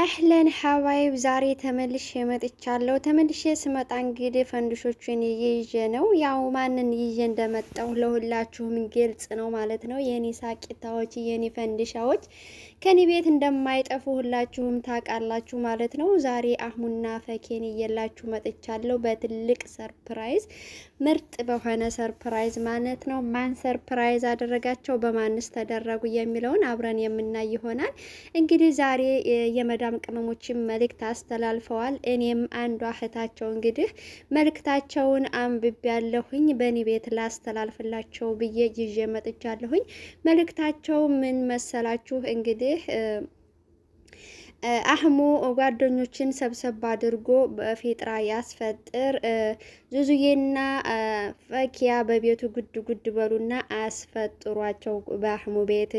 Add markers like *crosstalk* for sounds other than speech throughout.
አህለን ሀባይብ ዛሬ ተመልሼ መጥቻለሁ። ተመልሼ ስመጣ እንግዲህ ፈንድሾቹን ይዤ ነው። ያው ማንን ይዤ እንደመጣው ለሁላችሁም ግልጽ ነው ማለት ነው። የኔ ሳቂታዎች፣ የኔ ፈንድሻዎች ከኔ ቤት እንደማይጠፉ ሁላችሁም ታውቃላችሁ ማለት ነው። ዛሬ አህሙና ፈኬን እየላችሁ መጥቻለሁ በትልቅ ሰርፕራይዝ፣ ምርጥ በሆነ ሰርፕራይዝ ማለት ነው። ማን ሰርፕራይዝ አደረጋቸው፣ በማንስ ተደረጉ የሚለውን አብረን የምናይ ይሆናል። እንግዲህ ዛሬ የመዳም ቅመሞችን መልእክት አስተላልፈዋል። እኔም አንዷ እህታቸው እንግዲህ መልእክታቸውን አንብቤያለሁኝ ያለሁኝ በእኔ ቤት ላስተላልፍላቸው ብዬ ይዤ መጥቻለሁኝ። መልእክታቸው ምን መሰላችሁ እንግዲህ እንግዲህ አህሙ ጓደኞችን ሰብሰብ አድርጎ በፌጥራ ያስፈጥር። ዙዙዬና ፈኪያ በቤቱ ጉድ ጉድ በሉና አስፈጥሯቸው በአህሙ ቤት።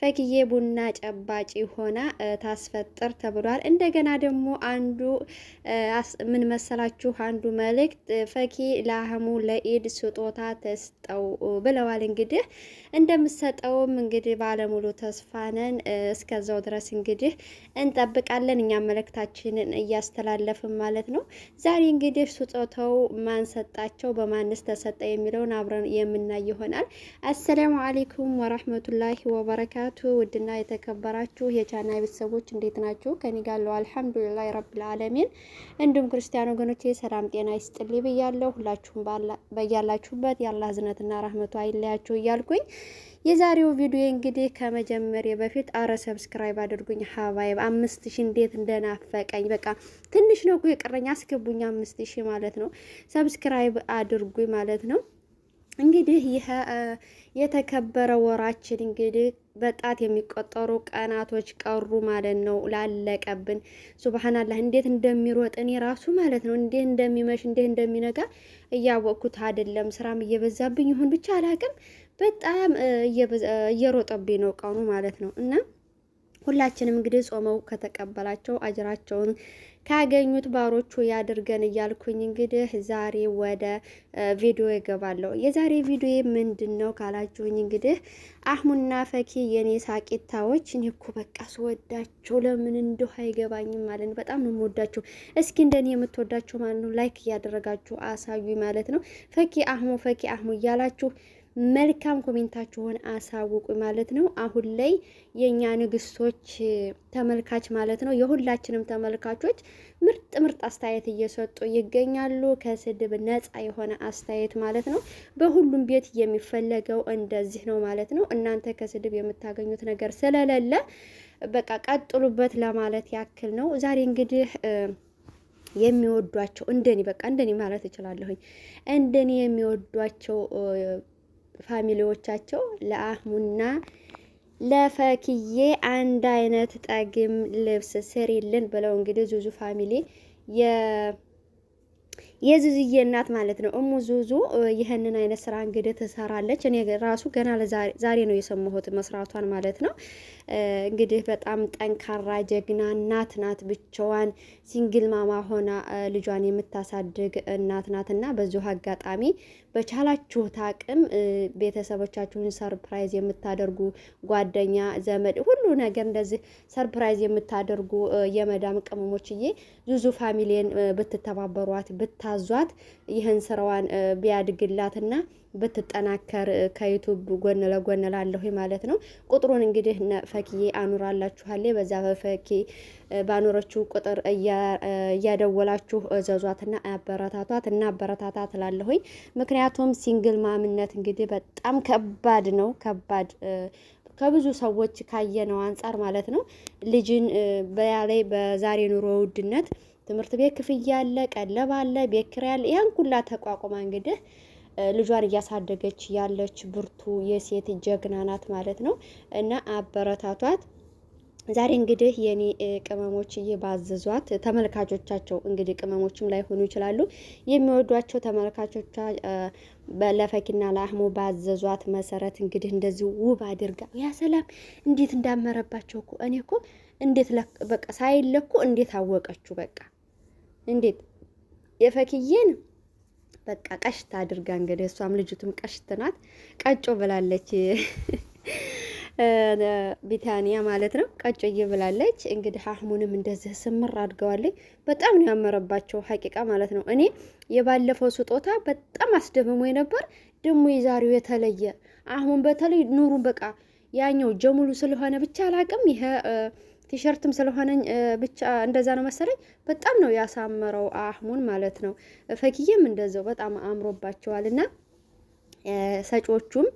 ፈኪዬ ቡና ጨባጭ ሆና ታስፈጥር ተብሏል። እንደገና ደግሞ አንዱ ምን መሰላችሁ፣ አንዱ መልእክት ፈኪ ለአህሙ ለኢድ ስጦታ ተስጠው ብለዋል። እንግዲህ እንደምሰጠውም እንግዲህ ባለሙሉ ተስፋ ነን። እስከዛው ድረስ እንግዲህ እንጠ እንጠብቃለን። እኛ መልእክታችንን እያስተላለፍን ማለት ነው። ዛሬ እንግዲህ ስጦታው ማን ሰጣቸው፣ በማንስ ተሰጠ የሚለውን አብረን የምናይ ይሆናል። አሰላሙ አሌይኩም ወራህመቱላሂ ወበረካቱ። ውድና የተከበራችሁ የቻና ቤተሰቦች እንዴት ናችሁ? ከኔ ጋር አለው ዓለሚን። እንዲሁም ክርስቲያን ወገኖቼ ሰላም ጤና ይስጥልኝ ብያለሁ። ሁላችሁም በያላችሁበት ያላ ዝነትና ረህመቱ አይለያችሁ እያልኩኝ የዛሬው ቪዲዮ እንግዲህ ከመጀመሪያ በፊት አረ ሰብስክራይብ አድርጉኝ ሀባይብ አምስት አምስት እንዴት እንደናፈቀኝ በቃ ትንሽ ነው የቀረኝ። አስገቡኝ አምስት ሺ ማለት ነው። ሰብስክራይብ አድርጉኝ ማለት ነው። እንግዲህ ይህ የተከበረ ወራችን እንግዲህ በጣት የሚቆጠሩ ቀናቶች ቀሩ ማለት ነው። ላለቀብን ሱብሃናላህ እንዴት እንደሚሮጥ እኔ ራሱ ማለት ነው እንዴት እንደሚመሽ እንዴት እንደሚነጋ እያወቅኩት አይደለም። ስራም እየበዛብኝ ይሁን ብቻ አላቅም፣ በጣም እየሮጠብኝ ነው ቀኑ ማለት ነው እና ሁላችንም እንግዲህ ጾመው ከተቀበላቸው አጅራቸውን ካገኙት ባሮቹ ያድርገን እያልኩኝ እንግዲህ ዛሬ ወደ ቪዲዮ ይገባለሁ። የዛሬ ቪዲዮ ምንድን ነው ካላችሁኝ እንግዲህ አህሙና ፈኪ የኔ ሳቂታዎች፣ እኔ እኮ በቃ ስወዳቸው ለምን እንደው አይገባኝም ማለት ነው። በጣም ነው የምወዳቸው። እስኪ እንደኔ የምትወዳቸው ማለት ነው ላይክ እያደረጋችሁ አሳዩ ማለት ነው። ፈኪ አህሙ፣ ፈኪ አህሙ እያላችሁ መልካም ኮሜንታችሁን አሳውቁ ማለት ነው። አሁን ላይ የእኛ ንግስቶች ተመልካች ማለት ነው የሁላችንም ተመልካቾች ምርጥ ምርጥ አስተያየት እየሰጡ ይገኛሉ። ከስድብ ነጻ የሆነ አስተያየት ማለት ነው። በሁሉም ቤት የሚፈለገው እንደዚህ ነው ማለት ነው። እናንተ ከስድብ የምታገኙት ነገር ስለሌለ በቃ ቀጥሉበት ለማለት ያክል ነው። ዛሬ እንግዲህ የሚወዷቸው እንደኔ በቃ እንደኔ ማለት እችላለሁኝ እንደኔ የሚወዷቸው ፋሚሊዎቻቸው ለአህሙና ለፈክዬ አንድ አይነት ጠግም ልብስ ስሪልን ብለው እንግዲህ ዙዙ ፋሚሊ የ የዝዝዬ እናት ማለት ነው። እሙ ዙዙ ይህንን አይነት ስራ እንግዲህ ትሰራለች። እኔ ራሱ ገና ዛሬ ነው የሰማሁት መስራቷን ማለት ነው። እንግዲህ በጣም ጠንካራ ጀግና እናት ናት። ብቻዋን ሲንግል ማማ ሆና ልጇን የምታሳድግ እናት ናት እና በዚሁ አጋጣሚ በቻላችሁት አቅም ቤተሰቦቻችሁን ሰርፕራይዝ የምታደርጉ ጓደኛ፣ ዘመድ፣ ሁሉ ነገር እንደዚህ ሰርፕራይዝ የምታደርጉ የመዳም ቅመሞችዬ ዙዙ ፋሚሊን ብትተባበሯት ብታ ታዟት ይህን ስራዋን ቢያድግላትና ብትጠናከር ከዩቱብ ጎን ለጎን ላለሁ ማለት ነው። ቁጥሩን እንግዲህ ፈኪዬ አኑራላችኋሌ። በዛ በፈኪ ባኖረችው ቁጥር እያደወላችሁ እዘዟትና አበረታቷት እና አበረታታት ላለሁኝ። ምክንያቱም ሲንግል ማምነት እንግዲህ በጣም ከባድ ነው። ከባድ ከብዙ ሰዎች ካየነው አንጻር ማለት ነው። ልጅን በያላይ በዛሬ ኑሮ ውድነት ትምህርት ቤት ክፍያ አለ፣ ቀለብ አለ፣ ቤት ኪራይ አለ። ያን ሁላ ተቋቁማ እንግዲህ ልጇን እያሳደገች ያለች ብርቱ የሴት ጀግና ናት ማለት ነው እና አበረታቷት። ዛሬ እንግዲህ የኔ ቅመሞች እየባዘዟት ተመልካቾቻቸው እንግዲህ ቅመሞችም ላይሆኑ ይችላሉ የሚወዷቸው ተመልካቾቿ ለፈኪና ለአህሙ ባዘዟት መሰረት እንግዲህ እንደዚህ ውብ አድርጋ ያ ሰላም እንዴት እንዳመረባቸው እኮ እኔ እኮ እንዴት በቃ ሳይለኩ እንዴት አወቀችው በቃ እንዴት የፈክዬን በቃ ቀሽት አድርጋ እንግዲህ እሷም ልጅቱም ቀሽት ናት፣ ቀጮ ብላለች *laughs* ቢታኒያ ማለት ነው። ቀጮዬ ብላለች እንግዲህ አህሙንም እንደዚህ ስምር አድገዋለች። በጣም ነው ያመረባቸው ሀቂቃ ማለት ነው። እኔ የባለፈው ስጦታ በጣም አስደምሞ ነበር። ደግሞ የዛሬው የተለየ አህሙን በተለይ ኑሩን በቃ ያኛው ጀሙሉ ስለሆነ ብቻ አላቅም ይሄ ቲሸርትም ስለሆነኝ ብቻ እንደዛ ነው መሰለኝ። በጣም ነው ያሳመረው አህሙን ማለት ነው። ፈኪዬም እንደዛው በጣም አምሮባቸዋል እና ሰጪዎቹም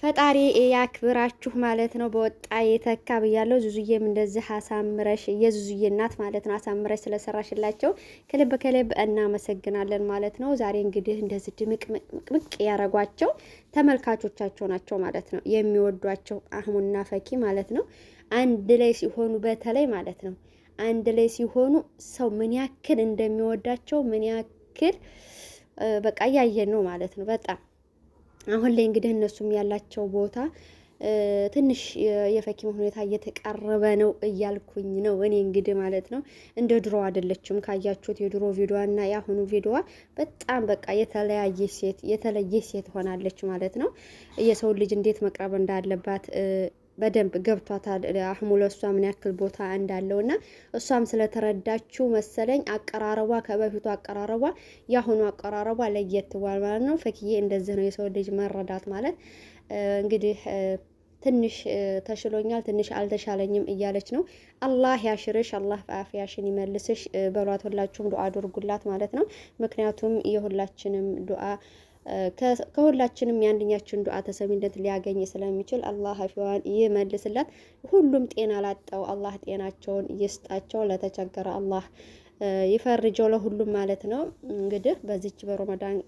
ፈጣሪ ያክብራችሁ ማለት ነው። በወጣ የተካ ብያለው። ዙዙዬም እንደዚህ አሳምረሽ የዙዙዬ እናት ማለት ነው አሳምረሽ ስለሰራሽላቸው ከልብ ከልብ እናመሰግናለን ማለት ነው። ዛሬ እንግዲህ እንደዚህ ድምቅምቅምቅ ያረጓቸው ተመልካቾቻቸው ናቸው ማለት ነው የሚወዷቸው አህሙና ፈኪ ማለት ነው። አንድ ላይ ሲሆኑ በተለይ ማለት ነው አንድ ላይ ሲሆኑ ሰው ምን ያክል እንደሚወዳቸው ምን ያክል በቃ እያየን ነው ማለት ነው። በጣም አሁን ላይ እንግዲህ እነሱም ያላቸው ቦታ ትንሽ የፈኪም ሁኔታ እየተቃረበ ነው እያልኩኝ ነው እኔ እንግዲህ ማለት ነው። እንደ ድሮ አይደለችም። ካያችሁት የድሮ እና የአሁኑ ቪዲዮዋ በጣም በቃ የተለያየ ሴት የተለየ ሴት ሆናለች ማለት ነው። የሰውን ልጅ እንዴት መቅረብ እንዳለባት በደንብ ገብቷታል አህሙ ለእሷ ምን ያክል ቦታ እንዳለው እና እሷም ስለተረዳችው መሰለኝ አቀራረቧ ከበፊቱ አቀራረቧ የአሁኑ አቀራረቧ ለየት ብሏል ማለት ነው። ፈክዬ እንደዚህ ነው የሰው ልጅ መረዳት ማለት እንግዲህ ትንሽ ተሽሎኛል፣ ትንሽ አልተሻለኝም እያለች ነው። አላህ ያሽርሽ፣ አላህ በአፍያሽን ይመልስሽ በሏት። ሁላችሁም ዱዓ አድርጉላት ማለት ነው። ምክንያቱም የሁላችንም ዱዓ ከሁላችንም የአንደኛችን ዱዓ ተሰሚነት ሊያገኝ ስለሚችል አላህ ሀፊዋን ይመልስላት። ሁሉም ጤና ላጣው አላህ ጤናቸውን ይስጣቸው። ለተቸገረ አላህ ይፈርጀው፣ ለሁሉም ማለት ነው። እንግዲህ በዚች በረመዳን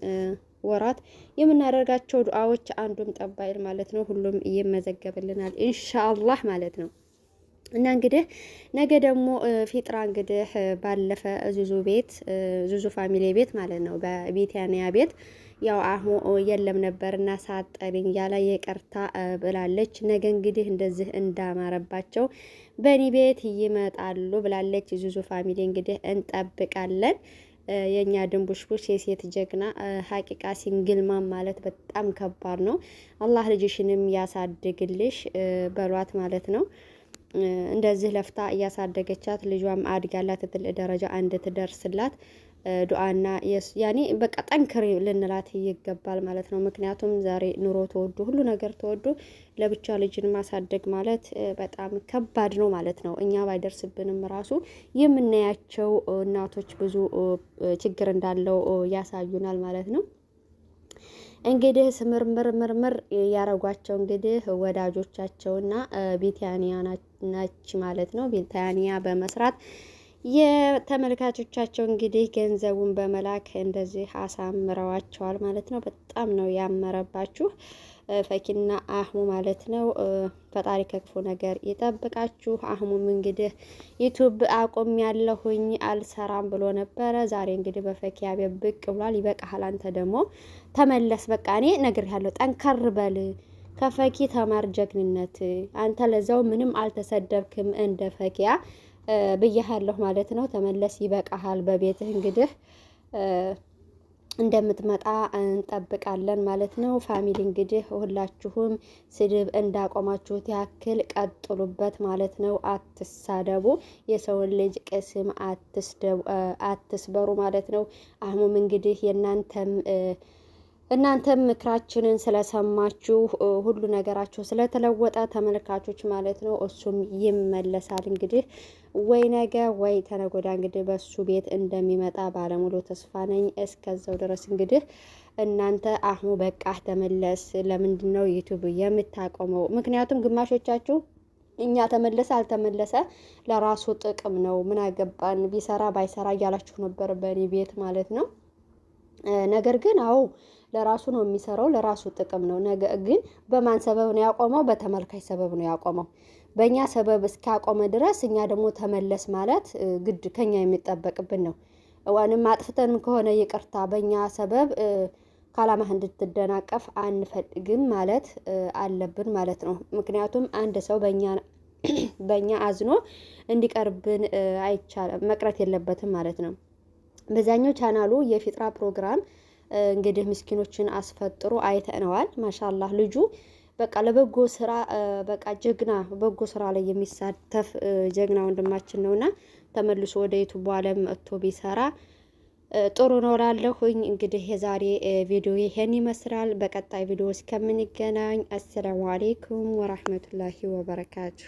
ወራት የምናደርጋቸው ዱዓዎች አንዱም ጠባይል ማለት ነው። ሁሉም ይመዘገብልናል ኢንሻአላህ ማለት ነው። እና እንግዲህ ነገ ደግሞ ፊጥራ እንግዲህ ባለፈ ዙዙ ቤት ዙዙ ፋሚሊ ቤት ማለት ነው በቢታንያ ቤት ያው አሁ የለም ነበር እና ሳጠሪኝ ያለ የቀርታ ብላለች። ነገ እንግዲህ እንደዚህ እንዳማረባቸው በእኔ ቤት ይመጣሉ ብላለች። ዙዙ ፋሚሊ እንግዲህ እንጠብቃለን። የእኛ ድንቡሽቡሽ የሴት ጀግና ሀቂቃ ሲንግልማ ማለት በጣም ከባድ ነው። አላህ ልጅሽንም ያሳድግልሽ በሏት ማለት ነው። እንደዚህ ለፍታ እያሳደገቻት ልጇም አድጋላት ትል ደረጃ እንድትደርስላት ዱአና ያኔ በቃ ጠንክሪ ልንላት ይገባል ማለት ነው። ምክንያቱም ዛሬ ኑሮ ተወዱ፣ ሁሉ ነገር ተወዱ፣ ለብቻ ልጅን ማሳደግ ማለት በጣም ከባድ ነው ማለት ነው። እኛ ባይደርስብንም ራሱ የምናያቸው እናቶች ብዙ ችግር እንዳለው ያሳዩናል ማለት ነው። እንግዲህ ስምርምር ምርምር ያረጓቸው እንግዲህ ወዳጆቻቸውና ቢታንያ ናች ማለት ነው። ቢታንያ በመስራት የተመልካቾቻቸው እንግዲህ ገንዘቡን በመላክ እንደዚህ አሳምረዋቸዋል ማለት ነው። በጣም ነው ያመረባችሁ። ፈኪና አህሙ ማለት ነው። ፈጣሪ ከክፉ ነገር ይጠብቃችሁ። አህሙም እንግዲህ ዩቱብ አቁም ያለሁኝ አልሰራም ብሎ ነበረ። ዛሬ እንግዲህ በፈኪ ቤት ብቅ ብሏል። ይበቃሃል፣ አንተ ደግሞ ተመለስ። በቃ እኔ ነግሬሃለሁ፣ ጠንከር በል ከፈኪ ተማር ጀግንነት። አንተ ለዛው ምንም አልተሰደብክም እንደ ፈኪያ ብያሃለሁ ማለት ነው። ተመለስ፣ ይበቃሃል። በቤትህ እንግዲህ እንደምትመጣ እንጠብቃለን ማለት ነው። ፋሚሊ እንግዲህ ሁላችሁም ስድብ እንዳቆማችሁት ያክል ቀጥሉበት ማለት ነው። አትሳደቡ፣ የሰውን ልጅ ቅስም አትስበሩ ማለት ነው። አህሙም እንግዲህ የእናንተም እናንተም ምክራችንን ስለሰማችሁ ሁሉ ነገራችሁ ስለተለወጠ ተመልካቾች ማለት ነው። እሱም ይመለሳል እንግዲህ ወይ ነገ ወይ ተነጎዳ እንግዲህ በሱ ቤት እንደሚመጣ ባለሙሉ ተስፋ ነኝ። እስከዛው ድረስ እንግዲህ እናንተ አህሙ በቃ ተመለስ፣ ለምንድን ነው ዩቱብ የምታቆመው? ምክንያቱም ግማሾቻችሁ እኛ ተመለሰ አልተመለሰ ለራሱ ጥቅም ነው ምን አገባን ቢሰራ ባይሰራ እያላችሁ ነበር በእኔ ቤት ማለት ነው። ነገር ግን አዎ ለራሱ ነው የሚሰራው፣ ለራሱ ጥቅም ነው። ነገ ግን በማን ሰበብ ነው ያቆመው? በተመልካች ሰበብ ነው ያቆመው። በእኛ ሰበብ እስኪያቆመ ድረስ እኛ ደግሞ ተመለስ ማለት ግድ ከኛ የሚጠበቅብን ነው። ዋንም አጥፍተን ከሆነ ይቅርታ፣ በእኛ ሰበብ ካላማህ እንድትደናቀፍ አንፈልግም ማለት አለብን ማለት ነው። ምክንያቱም አንድ ሰው በእኛ በእኛ አዝኖ እንዲቀርብን አይቻልም፣ መቅረት የለበትም ማለት ነው። በዛኛው ቻናሉ የፊጥራ ፕሮግራም እንግዲህ ምስኪኖችን አስፈጥሮ አይተነዋል። ማሻላህ ልጁ በቃ ለበጎ ስራ በቃ ጀግና በጎ ስራ ላይ የሚሳተፍ ጀግና ወንድማችን ነውና ተመልሶ ወደ ዩቱብ ዓለም እቶ ቢሰራ ጥሩ ነው ላለሁኝ። እንግዲህ የዛሬ ቪዲዮ ይሄን ይመስላል። በቀጣይ ቪዲዮ እስከምንገናኝ አሰላሙ አሌይኩም ወራህመቱላሂ ወበረካቱ።